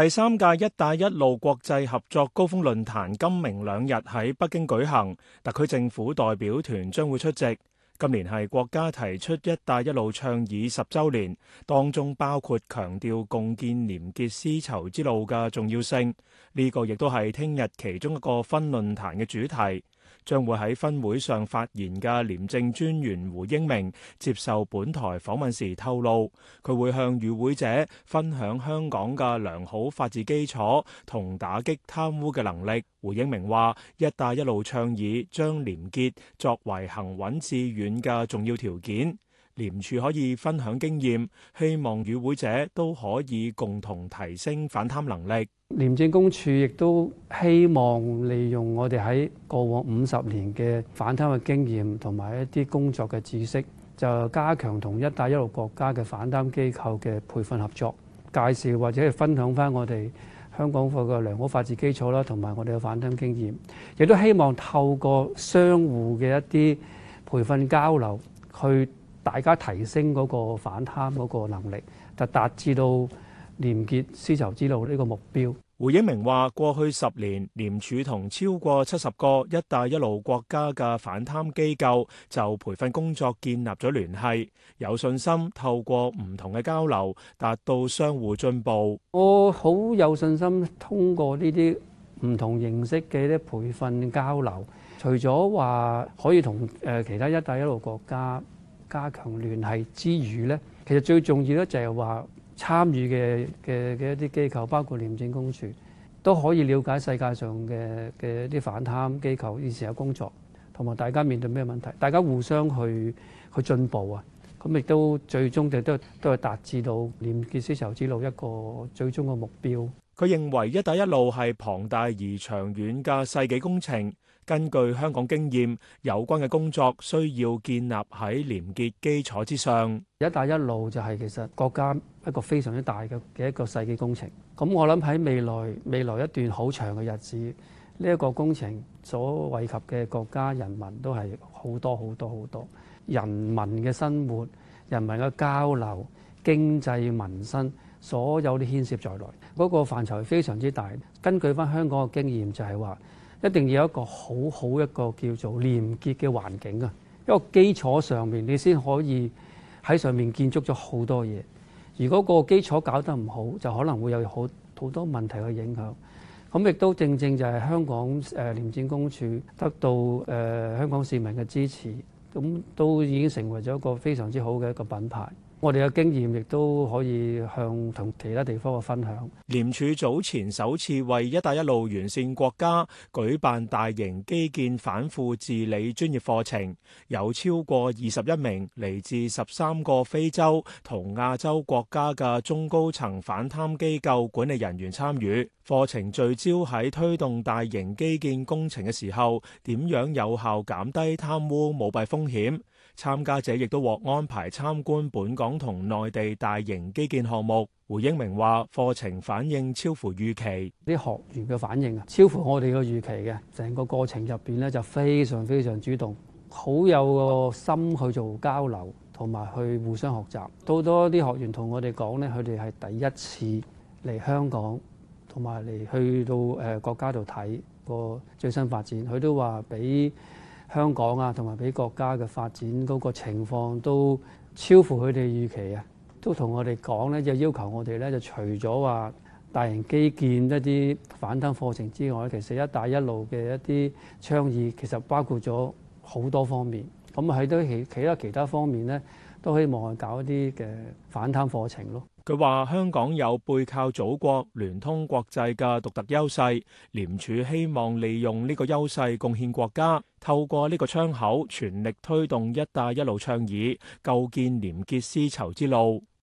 第三屆「一帶一路」國際合作高峰論壇今明兩日喺北京舉行，特區政府代表團將會出席。今年係國家提出「一帶一路」倡議十週年，當中包括強調共建廉潔絲綢之路嘅重要性。呢、這個亦都係聽日其中一個分論壇嘅主題。將會喺分會上發言嘅廉政專員胡英明接受本台訪問時透露，佢會向與會者分享香港嘅良好法治基礎同打擊貪污嘅能力。胡英明話：「一帶一路倡議將廉潔作為行穩致遠嘅重要條件，廉署可以分享經驗，希望與會者都可以共同提升反貪能力。」廉政公署亦都希望利用我哋喺過往五十年嘅反貪嘅經驗，同埋一啲工作嘅知識，就加強同一帶一路國家嘅反貪機構嘅培訓合作，介紹或者係分享翻我哋香港嗰個良好法治基礎啦，同埋我哋嘅反貪經驗，亦都希望透過相互嘅一啲培訓交流，去大家提升嗰個反貪嗰個能力，就達至到。廉潔絲綢之路呢個目標，胡英明話：過去十年，廉署同超過七十個一帶一路國家嘅反貪機構就培訓工作建立咗聯繫，有信心透過唔同嘅交流達到相互進步。我好有信心通過呢啲唔同形式嘅啲培訓交流，除咗話可以同誒其他一帶一路國家加強聯繫之餘咧，其實最重要咧就係話。參與嘅嘅嘅一啲機構，包括廉政公署，都可以了解世界上嘅嘅啲反貪機構以前有工作，同埋大家面對咩問題，大家互相去去進步啊。咁亦都最終就都都係達至到廉潔絲綢之路一個最終嘅目標。佢認為一帶一路係龐大而長遠嘅世紀工程。根據香港經驗，有關嘅工作需要建立喺廉潔基礎之上。一帶一路就係其實國家一個非常之大嘅嘅一個世紀工程。咁我諗喺未來未來一段好長嘅日子，呢、這、一個工程所惠及嘅國家人民都係好多好多好多人民嘅生活、人民嘅交流、經濟民生。所有啲牽涉在內，嗰、那個範疇非常之大。根據翻香港嘅經驗就，就係話一定要有一個好好一個叫做廉潔嘅環境啊，一個基礎上面你先可以喺上面建築咗好多嘢。如果個基礎搞得唔好，就可能會有好好多問題嘅影響。咁、嗯、亦都正正就係香港誒廉政公署得到誒、呃、香港市民嘅支持，咁、嗯、都已經成為咗一個非常之好嘅一個品牌。我哋嘅經驗亦都可以向同其他地方嘅分享。廉署早前首次為一帶一路完善國家舉辦大型基建反腐治理專業課程，有超過二十一名嚟自十三個非洲同亞洲國家嘅中高層反貪機構管理人員參與。課程聚焦喺推動大型基建工程嘅時候，點樣有效減低貪污舞弊風險。參加者亦都獲安排參觀本港同內地大型基建項目。胡英明話：課程反應超乎預期，啲學員嘅反應啊，超乎我哋嘅預期嘅。成個過程入邊咧，就非常非常主動，好有個心去做交流，同埋去互相學習。好多啲學員同我哋講呢，佢哋係第一次嚟香港，同埋嚟去到誒國家度睇個最新發展。佢都話俾香港啊，同埋俾國家嘅發展嗰個情況都超乎佢哋預期啊！都同我哋講咧，就要求我哋咧，就除咗話大型基建一啲反貪課程之外，其實一帶一路嘅一啲倡議，其實包括咗好多方面。咁喺都其其他其他方面咧。都希望去搞一啲嘅反貪課程咯。佢話香港有背靠祖國聯通國際嘅獨特優勢，廉署希望利用呢個優勢貢獻國家，透過呢個窗口，全力推動「一帶一路」倡議，構建廉潔絲綢之路。